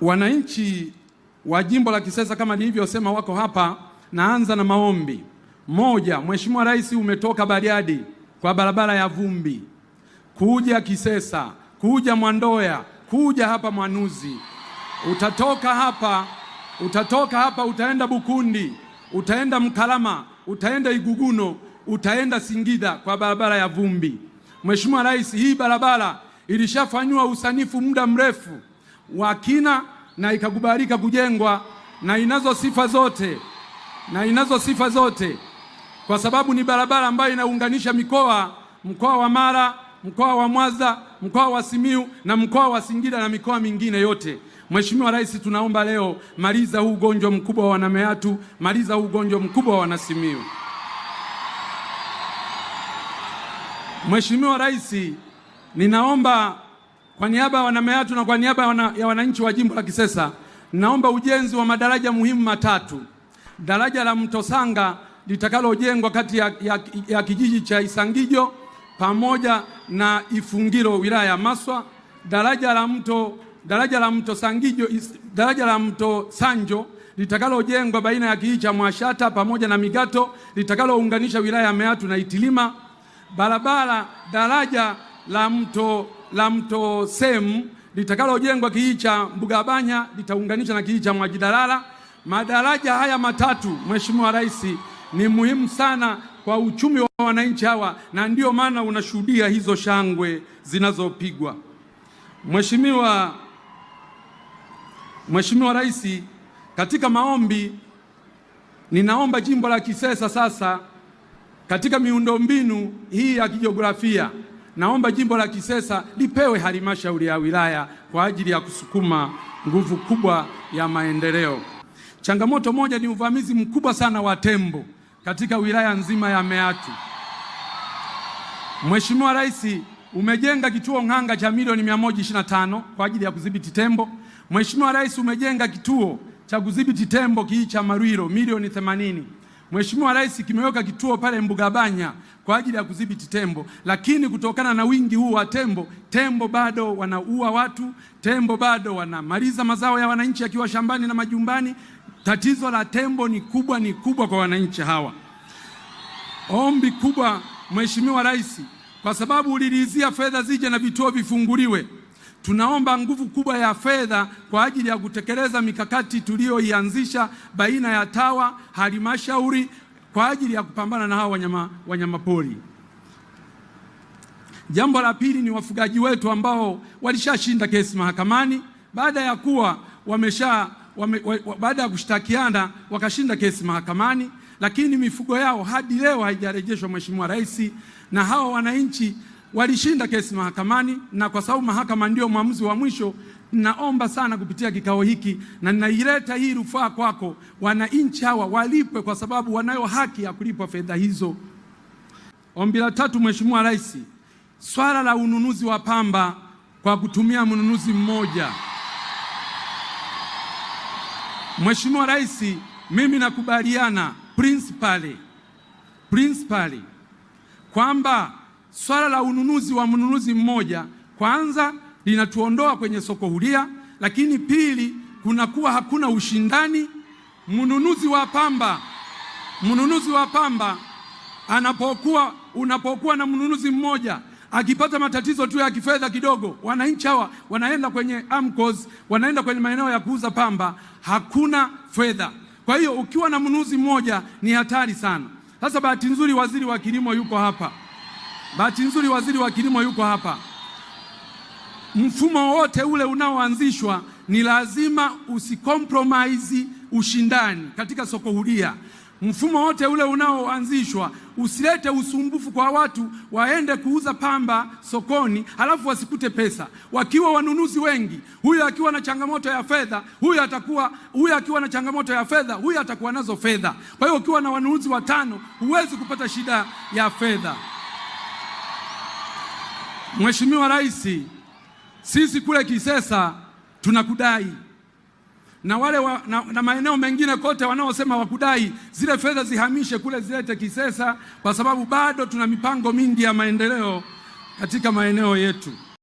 Wananchi wa jimbo la Kisesa kama nilivyosema, wako hapa. Naanza na maombi. Moja, Mheshimiwa Rais, umetoka Bariadi kwa barabara ya vumbi kuja Kisesa, kuja Mwandoya, kuja hapa Mwanuzi, utatoka hapa, utatoka hapa utaenda Bukundi, utaenda Mkalama, utaenda Iguguno, utaenda Singida kwa barabara ya vumbi. Mheshimiwa Rais, hii barabara ilishafanywa usanifu muda mrefu wa kina na ikakubalika kujengwa na inazo sifa zote, na inazo sifa zote kwa sababu ni barabara ambayo inaunganisha mikoa, mkoa wa Mara, mkoa wa Mwanza, mkoa wa Simiu na mkoa wa Singida na mikoa mingine yote. Mheshimiwa Rais, tunaomba leo maliza huu ugonjwa mkubwa wa wanameatu, maliza huu ugonjwa mkubwa wa wanasimiu. Mheshimiwa Rais, ninaomba kwa niaba ya wanameatu na kwa niaba ya wananchi wa jimbo la Kisesa naomba ujenzi wa madaraja muhimu matatu. Daraja la Mto Sanga litakalojengwa kati ya, ya, ya kijiji cha Isangijo pamoja na Ifungiro wilaya ya Maswa. Daraja la mto, daraja la mto Sangijo, daraja la mto Sanjo litakalojengwa baina ya kijiji cha Mwashata pamoja na Migato litakalounganisha wilaya ya Meatu na Itilima. Barabara daraja la mto la mto Sem litakalojengwa kijiji cha Mbugabanya litaunganisha na kijiji cha Mwajidalala. Madaraja haya matatu, Mheshimiwa Rais, ni muhimu sana kwa uchumi wa wananchi hawa, na ndiyo maana unashuhudia hizo shangwe zinazopigwa. Mheshimiwa Mheshimiwa Rais, katika maombi ninaomba jimbo la Kisesa sasa katika miundombinu hii ya kijiografia naomba jimbo la Kisesa lipewe halmashauri ya wilaya kwa ajili ya kusukuma nguvu kubwa ya maendeleo. Changamoto moja ni uvamizi mkubwa sana wa tembo katika wilaya nzima ya Meatu. Mheshimiwa Rais, umejenga kituo ng'anga cha milioni 125 kwa ajili ya kudhibiti tembo. Mheshimiwa Rais, umejenga kituo cha kudhibiti tembo kii cha Marwiro milioni 80. Mheshimiwa Rais kimeweka kituo pale Mbugabanya kwa ajili ya kudhibiti tembo, lakini kutokana na wingi huu wa tembo, tembo bado wanaua watu, tembo bado wanamaliza mazao ya wananchi akiwa shambani na majumbani. Tatizo la tembo ni kubwa, ni kubwa kwa wananchi hawa. Ombi kubwa Mheshimiwa Rais, kwa sababu ulilizia fedha zije na vituo vifunguliwe Tunaomba nguvu kubwa ya fedha kwa ajili ya kutekeleza mikakati tuliyoianzisha baina ya TAWA halmashauri kwa ajili ya kupambana na hao wanyama, wanyama pori. Jambo la pili ni wafugaji wetu ambao walishashinda kesi mahakamani baada ya kuwa wamesha wame, wa, baada ya kushtakiana wakashinda kesi mahakamani, lakini mifugo yao hadi leo haijarejeshwa, Mheshimiwa Rais, na hao wananchi walishinda kesi mahakamani, na kwa sababu mahakama ndio mwamuzi wa mwisho, naomba sana kupitia kikao hiki na ninaileta hii rufaa kwako, wananchi hawa walipwe, kwa sababu wanayo haki ya kulipwa fedha hizo. Ombi la tatu, Mheshimiwa Rais, swala la ununuzi wa pamba kwa kutumia mnunuzi mmoja. Mheshimiwa Rais, mimi nakubaliana principally, principally kwamba swala la ununuzi wa mnunuzi mmoja kwanza linatuondoa kwenye soko huria, lakini pili, kunakuwa hakuna ushindani. Mnunuzi wa pamba, mnunuzi wa pamba anapokuwa, unapokuwa na mnunuzi mmoja akipata matatizo tu ya kifedha kidogo, wananchi hawa wanaenda kwenye AMCOS, wanaenda kwenye maeneo ya kuuza pamba, hakuna fedha. Kwa hiyo ukiwa na mnunuzi mmoja ni hatari sana. Sasa bahati nzuri, waziri wa kilimo yuko hapa. Bahati nzuri waziri wa kilimo yuko hapa. Mfumo wote ule unaoanzishwa ni lazima usikompromise ushindani katika soko huria. Mfumo wote ule unaoanzishwa usilete usumbufu kwa watu waende kuuza pamba sokoni halafu wasikute pesa, wakiwa wanunuzi wengi, huyu akiwa na changamoto ya fedha, huyu atakuwa, huyu akiwa na changamoto ya fedha, huyu atakuwa nazo fedha. Kwa hiyo ukiwa na wanunuzi watano, huwezi kupata shida ya fedha. Mheshimiwa Rais, sisi kule Kisesa tunakudai na wale wa, na, na maeneo mengine kote wanaosema wakudai, zile fedha zihamishe kule zilete Kisesa, kwa sababu bado tuna mipango mingi ya maendeleo katika maeneo yetu.